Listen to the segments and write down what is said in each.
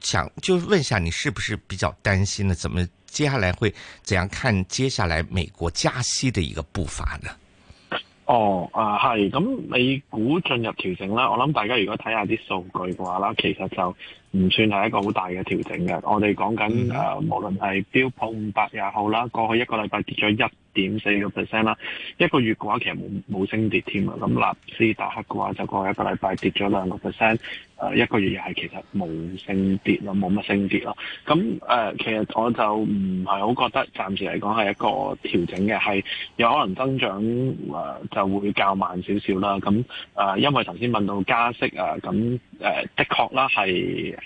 想就問一下你，是不是比較擔心呢？怎麼接下來會怎樣看接下來美國加息的一個步伐呢？哦，啊、呃、係，咁美股進入調整啦。我諗大家如果睇下啲數據嘅話啦，其實就唔算係一個好大嘅調整嘅。我哋講緊誒、嗯呃，無論係標普五百也好啦，過去一個禮拜跌咗一。點四個 percent 啦、呃，一個月嘅話其實冇冇升跌添啊。咁納斯達克嘅話就過一個禮拜跌咗兩個 percent，誒一個月又係其實冇升跌咯，冇乜升跌咯。咁、呃、誒，其實我就唔係好覺得暫時嚟講係一個調整嘅，係有可能增長誒、呃、就會較慢少少啦。咁誒、呃，因為頭先問到加息啊，咁、呃、誒、呃、的確啦係誒，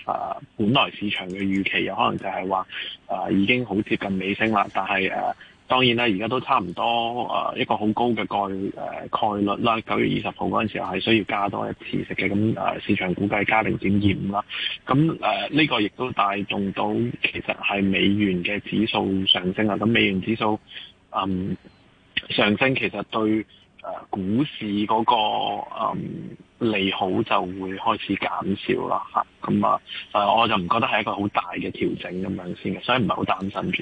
本來市場嘅預期有可能就係話誒已經好接近尾聲啦，但係誒，呃當然啦，而家都差唔多誒、呃、一個好高嘅概誒概率啦。九、呃、月二十號嗰陣時候係需要多加多一次息嘅，咁誒、呃、市場估計加零點二五啦。咁誒呢個亦都帶動到其實係美元嘅指數上升啊。咁美元指數嗯上升其實對誒股市嗰、嗰個嗯利好就會開始減少啦嚇。咁啊，誒、啊、我就唔覺得係一個好大嘅調整咁樣先嘅，所以唔係好擔心住。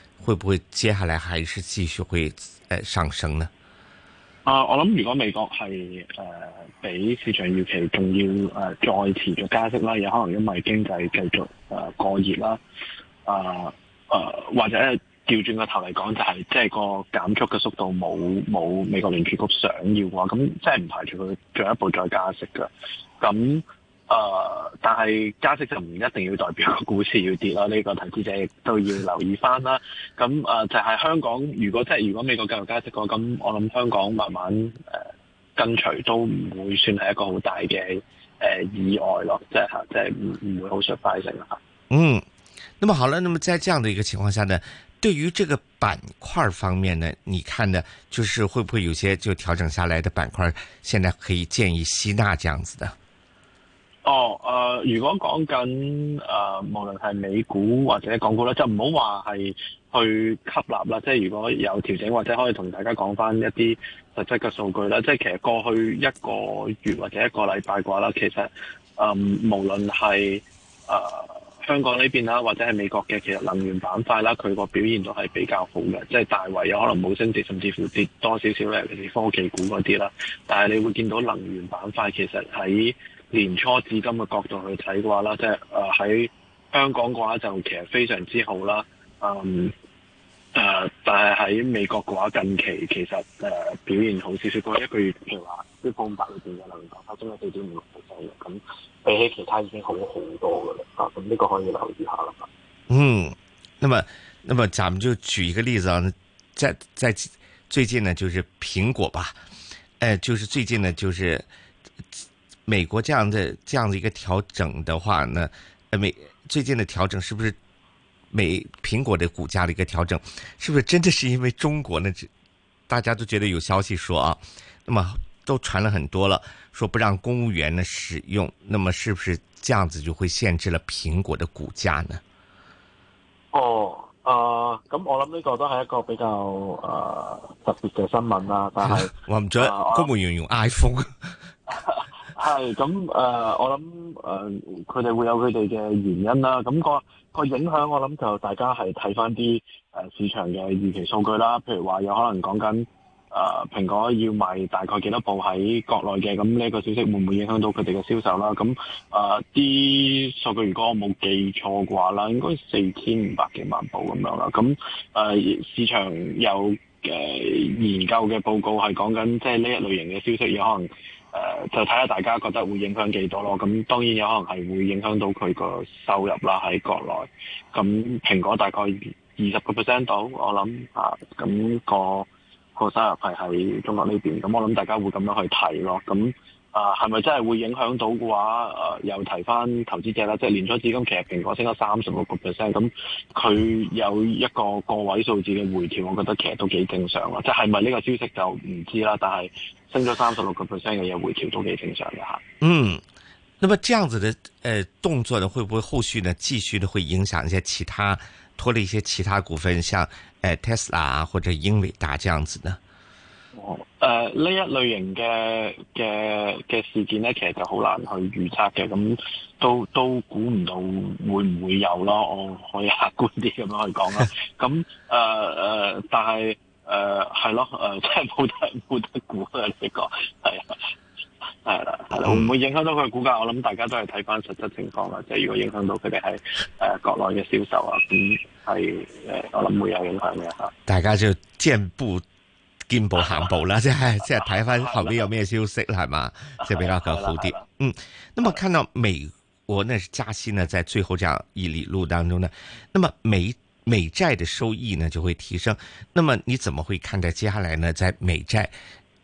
會唔會接下來還是繼續會誒上升呢？啊、呃，我諗如果美國係誒、呃、比市場預期仲要誒、呃、再持續加息啦，有可能因為經濟繼續誒過熱啦，啊、呃、誒、呃、或者調轉個頭嚟講，就是，就係即係個減速嘅速度冇冇美國聯儲局想要嘅話，咁、嗯、即係唔排除佢進一步再加息嘅咁。嗯誒、呃，但係加息就唔一定要代表個股市要跌啦，呢、這個投資者亦都要留意翻啦。咁、嗯、誒、呃，就係、是、香港，如果真係如果美國繼續加息個，咁我諗香港慢慢誒、呃、跟隨都唔會算係一個好大嘅誒、呃、意外咯，即係吓、啊，即係唔唔會好出快力啦。嗯，那麼好了，那麼在這樣的一個情況下呢，對於這個板塊方面呢，你看呢，就是會不會有些就調整下來的板塊，現在可以建議吸納這樣子的？哦，誒、呃，如果講緊誒，無論係美股或者港股啦，就唔好話係去吸納啦。即係如果有調整或者可以同大家講翻一啲實質嘅數據啦。即係其實過去一個月或者一個禮拜嘅話啦，其實誒、呃，無論係誒香港呢邊啦，或者係美國嘅，其實能源板塊啦，佢個表現都係比較好嘅。即係大圍有可能冇升跌，甚至乎跌多少少咧。嗰啲科技股嗰啲啦，但係你會見到能源板塊其實喺。年初至今嘅角度去睇嘅話啦，即係誒喺香港嘅話就其實非常之好啦，嗯誒、呃，但係喺美國嘅話近期其實誒、呃、表現好少少，因為一個月譬如話啲方百裏邊嘅能百，翻中一四點五六咁，比起其他已經好好多噶啦，啊，咁、這、呢個可以留意下啦。嗯，那麼，那麼，咱們就舉一個例子啊，即係最近呢，就是蘋果吧，誒、呃，就是最近呢，就是。美國這樣的這樣的一個調整的話呢，呃，美最近的調整是不是美蘋果的股價的一個調整？是不是真的是因為中國呢？這大家都覺得有消息說啊，那麼都傳了很多了，說不讓公務員呢使用，那麼是不是這樣子就會限制了蘋果的股價呢？哦，呃，咁我諗呢個都係一個比較呃特別嘅新聞啦，但係 我唔覺得、呃、公務員用、呃、iPhone。 係咁，誒、呃，我諗誒，佢、呃、哋會有佢哋嘅原因啦。咁、那個那個影響，我諗就大家係睇返啲市場嘅預期數據啦。譬如話有可能講緊誒蘋果要賣大概幾多部喺國內嘅，咁呢個消息會唔會影響到佢哋嘅銷售啦？咁誒啲數據，如果我冇記錯嘅話啦，應該四千五百幾萬部咁樣啦。咁誒、呃、市場有誒、呃、研究嘅報告係講緊，即係呢一類型嘅消息有可能。誒、呃，就睇下大家覺得會影響幾多咯。咁當然有可能係會影響到佢個收入啦喺國內。咁蘋果大概二十個 percent 度，我諗啊，咁、個、個收入係喺中國呢邊。咁我諗大家會咁樣去睇咯。咁。啊，係咪真係會影響到嘅話？誒，又提翻投資者啦，即係年初至今其實蘋果升咗三十六個 percent，咁佢有一個個位數字嘅回調，我覺得其實都幾正常啊！即係咪呢個消息就唔知啦，但係升咗三十六個 percent 嘅嘢回調都幾正常嘅吓。嗯，那麼這樣子的誒、呃、動作呢，會不會後續呢繼續呢會影響一些其他拖累一些其他股份，像誒 Tesla、呃啊、或者英偉達這樣子呢？誒、呃，呢一類型嘅嘅嘅事件咧，其實就好難去預測嘅，咁都都估唔到會唔會有咯。我可以客觀啲咁樣去講啦。咁誒誒，但係誒係咯，誒即係冇得冇得估嘅呢個係啊係啦係啦，會唔會影響到佢嘅股價？我諗大家都係睇翻實質情況啦。即係如果影響到佢哋喺誒國內嘅銷售啊，咁係誒我諗會有影響嘅吓。大家就見步肩步行步啦，即係即係睇翻後邊有咩消息啦，係、啊、嘛，即係比較個好啲。嗯，咁啊，看到美國呢加息呢、啊，在最後這樣一里路當中呢，那麼美美債的收益呢就會提升。那麼你怎麼會看待接下來呢，在美債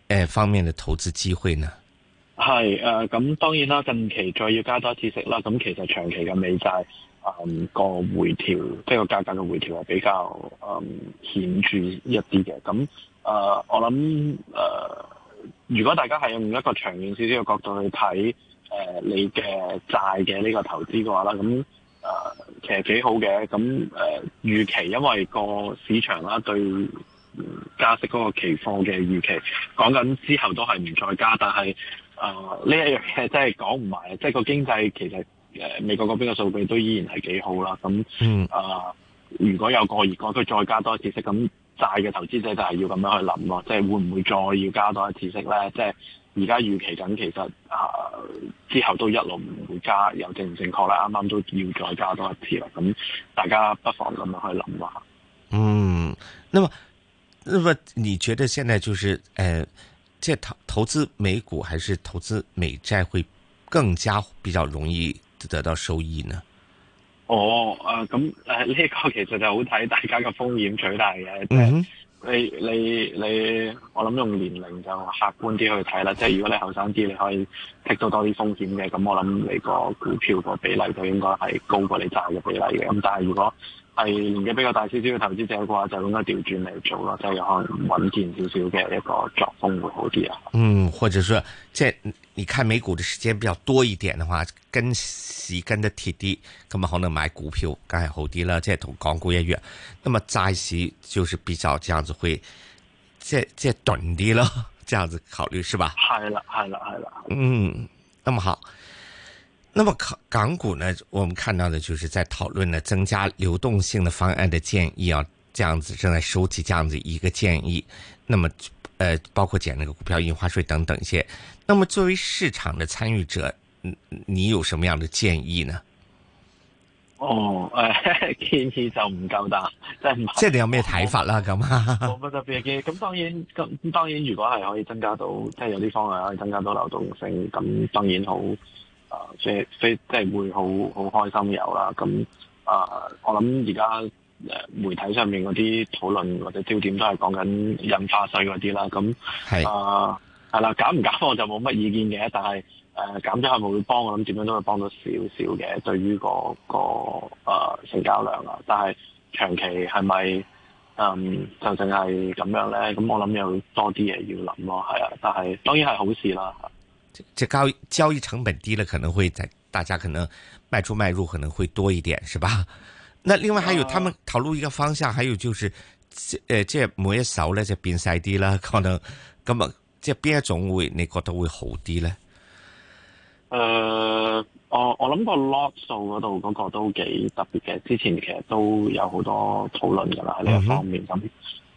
誒方面嘅投資機會呢？係誒，咁、呃、當然啦，近期再要加多一次息啦。咁其實長期嘅美債，嗯，個回調即係個價格嘅回調係比較誒、嗯、顯著一啲嘅。咁誒、呃，我諗誒、呃，如果大家係用一個長遠少少嘅角度去睇誒、呃、你嘅債嘅呢個投資嘅話啦，咁誒、呃、其實幾好嘅。咁誒、呃預，啊、預期，因為個市場啦對加息嗰個期貨嘅預期，講緊之後都係唔再加。但係誒呢一樣嘢真係講唔埋啊！即、就、係、是、個經濟其實誒、呃、美國嗰邊嘅數據都依然係幾好啦。咁誒、嗯呃，如果有過熱，我都再加多一次息咁。那債嘅投資者就係要咁樣去諗咯，即係會唔會再要加多一次息咧？即係而家預期緊，其實誒、呃、之後都一路唔會加，又正唔正確咧？啱啱都要再加多一次啦，咁大家不妨咁樣去諗下。嗯，咁啊咁啊，你覺得現在就是誒、借、呃、投投資美股還是投資美債會更加比較容易得到收益呢？哦，誒、呃，咁誒，呢個其實就好睇大家嘅風險取大嘅，即、嗯、係、就是、你你你，我諗用年齡就客觀啲去睇啦，即、就、係、是、如果你後生啲，你可以剔到多啲風險嘅，咁我諗你個股票個比例就應該係高過你債嘅比例嘅，咁但係如果，係年紀比較大少少嘅投資者嘅話，就應該調轉嚟做咯，即係可能穩健少少嘅一個作風會好啲啊。嗯，或者說，即係你看美股嘅時間比較多一點嘅話，跟市跟得貼啲，咁啊可能買股票梗係好啲啦。即係同港股一樣，咁麼債市就是比較這樣子會，即係即係鈍啲咯，這樣子考慮是吧？係啦，係啦，係啦。嗯，咁好。那麼港股呢？我們看到的就是在討論呢增加流動性的方案的建議啊，這樣子正在收集這樣子一個建議。那麼，呃，包括減那個股票印花稅等等一些。那麼，作為市場的參與者，你有什麼樣的建議呢？哦，哎，建議就唔夠大，即係你有咩睇法啦？咁啊，冇乜特別嘅。咁當然，咁當然，如果係可以增加到，即係有啲方案可以增加到流動性，咁當然好。啊、呃，即係非即係會好好開心有啦，咁啊、呃，我諗而家誒媒體上面嗰啲討論或者焦點都係講緊印花稅嗰啲啦，咁係啊係啦，減唔減我就冇乜意見嘅，但係誒減咗係咪會幫，我諗點樣都會幫到少少嘅，對於嗰個誒成交量啦，但係長期係咪嗯就淨係咁樣咧？咁我諗有多啲嘢要諗咯，係啊，但係當然係好事啦。這高交易成本低了，可能會在大家可能賣出買入可能會多一點，是吧？那另外還有，他們討論一個方向，呃，還有就是，誒，即係每一手咧就變細啲啦，可能咁啊，即係邊一種會你覺得會好啲咧？誒、呃，我我諗個 lot 數嗰度嗰個都幾特別嘅，之前其實都有好多討論噶啦，呢一方面咁。嗯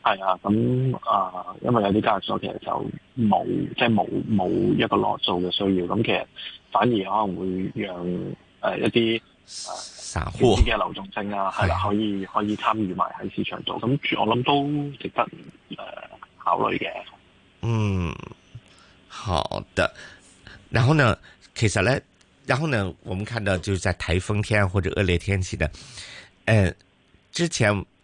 係啊，咁、嗯嗯、啊，因為有啲交易所其實就冇，即係冇冇一個落數嘅需要，咁其實反而可能會讓誒、呃、一啲散、呃、戶嘅流動性啊，係啦，可以可以參與埋喺市場度，咁、啊、我諗都值得誒、呃、考慮嘅。嗯，好的。然後呢，其實咧，然後呢，我們看到就是在颱風天或者惡劣天氣嘅，誒、呃、之前。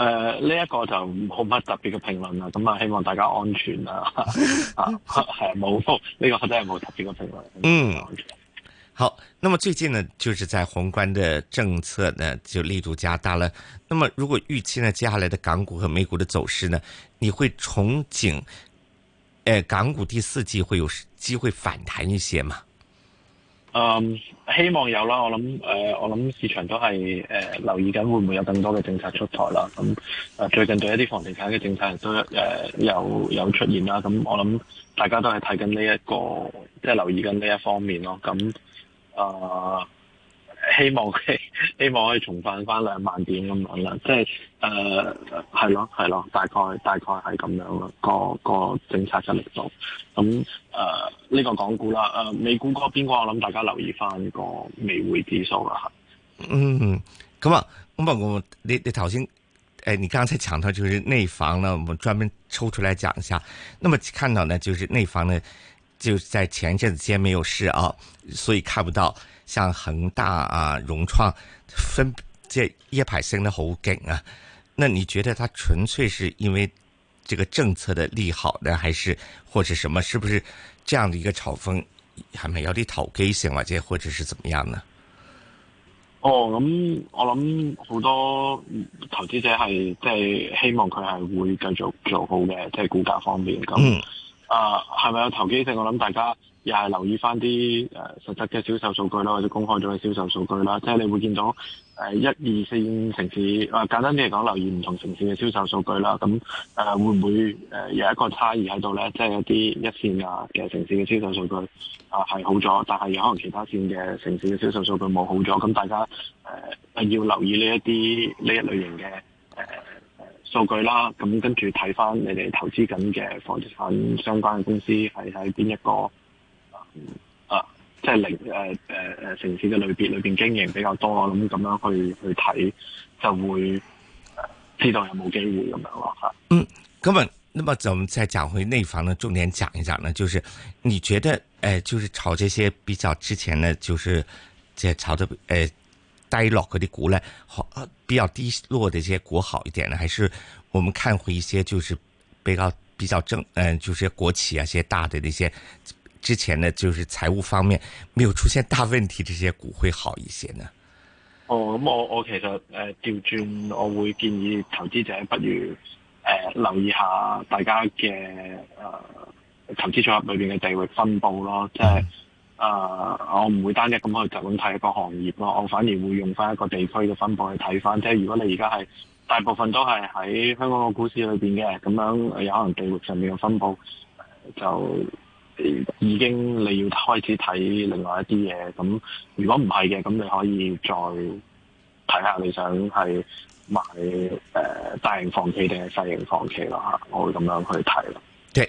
誒、呃，呢、這、一個就冇乜特別嘅評論啦，咁啊希望大家安全啦、啊， 啊係冇，呢、這個真係冇特別嘅評論。嗯，好，那麼最近呢，就是在宏觀嘅政策呢就力度加大啦。那麼如果預期呢，接下嚟嘅港股和美股嘅走勢呢，你會憧憬誒、呃，港股第四季會有機會反彈一些嗎？嗯、um，希望有啦。我諗，誒、呃，我諗市場都係誒、呃、留意緊會唔會有更多嘅政策出台啦。咁誒、呃，最近對一啲房地產嘅政策亦都誒、呃、有有出現啦。咁我諗大家都係睇緊呢一個，即、就、係、是、留意緊呢一方面咯。咁誒希望希望可以重返翻兩萬點咁樣啦，即係誒係咯係咯，大概大概係咁樣咯，個政策壓力度咁誒呢個港股啦誒、呃、美股嗰邊嘅我諗大家留意翻個美匯指數啦嚇。嗯，咁、嗯、啊，咁啊，我你頭先誒你剛才講到就是內房咧，我專門抽出嚟講一下。那麼看到呢，就是內房呢，就在前陣子先沒有事啊，所以看不到。像恒大啊、融創分，這一排升得好勁啊！那你覺得它純粹是因為這個政策的利好呢，還是或者什麼？是不是這樣的一個炒風，係咪有啲投機性？或者是怎麼樣呢？哦，咁我諗好多投資者係即係希望佢係會繼續做好嘅，即係股價方面咁。啊，係咪有投機性？我諗大家又係留意返啲、呃、實質嘅銷售數據啦，或者公開咗嘅銷售數據啦，即係你會見到、呃、一、二線城市，呃、簡單啲嚟講，留意唔同城市嘅銷售數據啦。咁誒、呃、會唔會、呃、有一個差異喺度咧？即係有啲一線嘅城市嘅銷售數據啊係、呃、好咗，但係有可能其他線嘅城市嘅銷售數據冇好咗。咁大家誒、呃、要留意呢一啲呢一類型嘅數據啦，咁跟住睇返你哋投資緊嘅房地產相關嘅公司係喺邊一個啊，即係零誒誒誒城市嘅類別裏邊經營比較多，咁咁樣去去睇就會、呃、知道有冇機會咁樣咯吓。嗯，咁啊，那麼我哋再講回內房呢，重點講一講呢，就是你覺得誒、呃，就是炒這些比較之前呢，就是即係炒得誒。呃低落嗰啲股咧，好比較低落啲，些股好一點呢，還是我們看回一些，就是比較比較正，嗯，就是國企啊，一些大的啲，些之前呢，就是財務方面沒有出現大問題，這些股會好一些呢。哦，咁、嗯、我我其實誒調轉，我會建議投資者不如誒、呃、留意下大家嘅誒、呃、投資組合裏邊嘅地域分佈咯，即係。嗯誒、uh,，我唔會單一咁去就咁睇個行業咯，我反而會用翻一個地區嘅分佈去睇翻。即係如果你而家係大部分都係喺香港個股市裏邊嘅，咁樣有可能地域上面嘅分佈就已經你要開始睇另外一啲嘢。咁如果唔係嘅，咁你可以再睇下你想係買誒大型房企定係細型房企咯嚇。我會咁樣去睇咯。O、okay.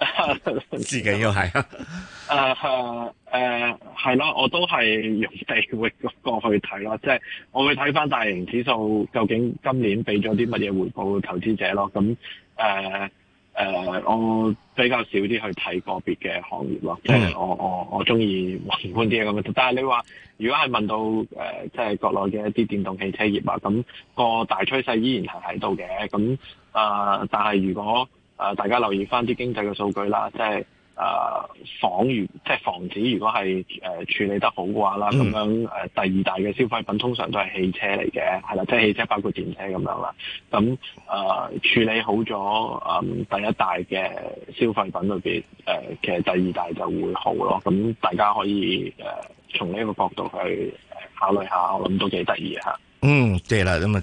自己都也係、 啊，誒誒係咯，我都係用地域嗰個去睇咯，即、就、係、是、我會睇翻大型指數究竟今年俾咗啲乜嘢回報嘅投資者咯。咁誒誒，我比較少啲去睇個別嘅行業咯，即 係我我我中意宏觀啲咁嘅。但係你話如果係問到誒，即、呃、係、就是、國內嘅一啲電動汽車業啊，咁、那個大趨勢依然係喺度嘅。咁啊、呃，但係如果。啊、呃！大家留意翻啲經濟嘅數據啦，即係啊、呃、房如即係房子，如果係誒、呃、處理得好嘅話啦，咁樣誒、呃、第二大嘅消費品通常都係汽車嚟嘅，係啦，即係汽車包括電車咁樣啦。咁啊、呃、處理好咗啊、呃、第一大嘅消費品裏邊誒，其實第二大就會好咯。咁大家可以誒、呃、從呢個角度去考慮下，我諗都幾得意嚇。嗯，即係啦，咁啊。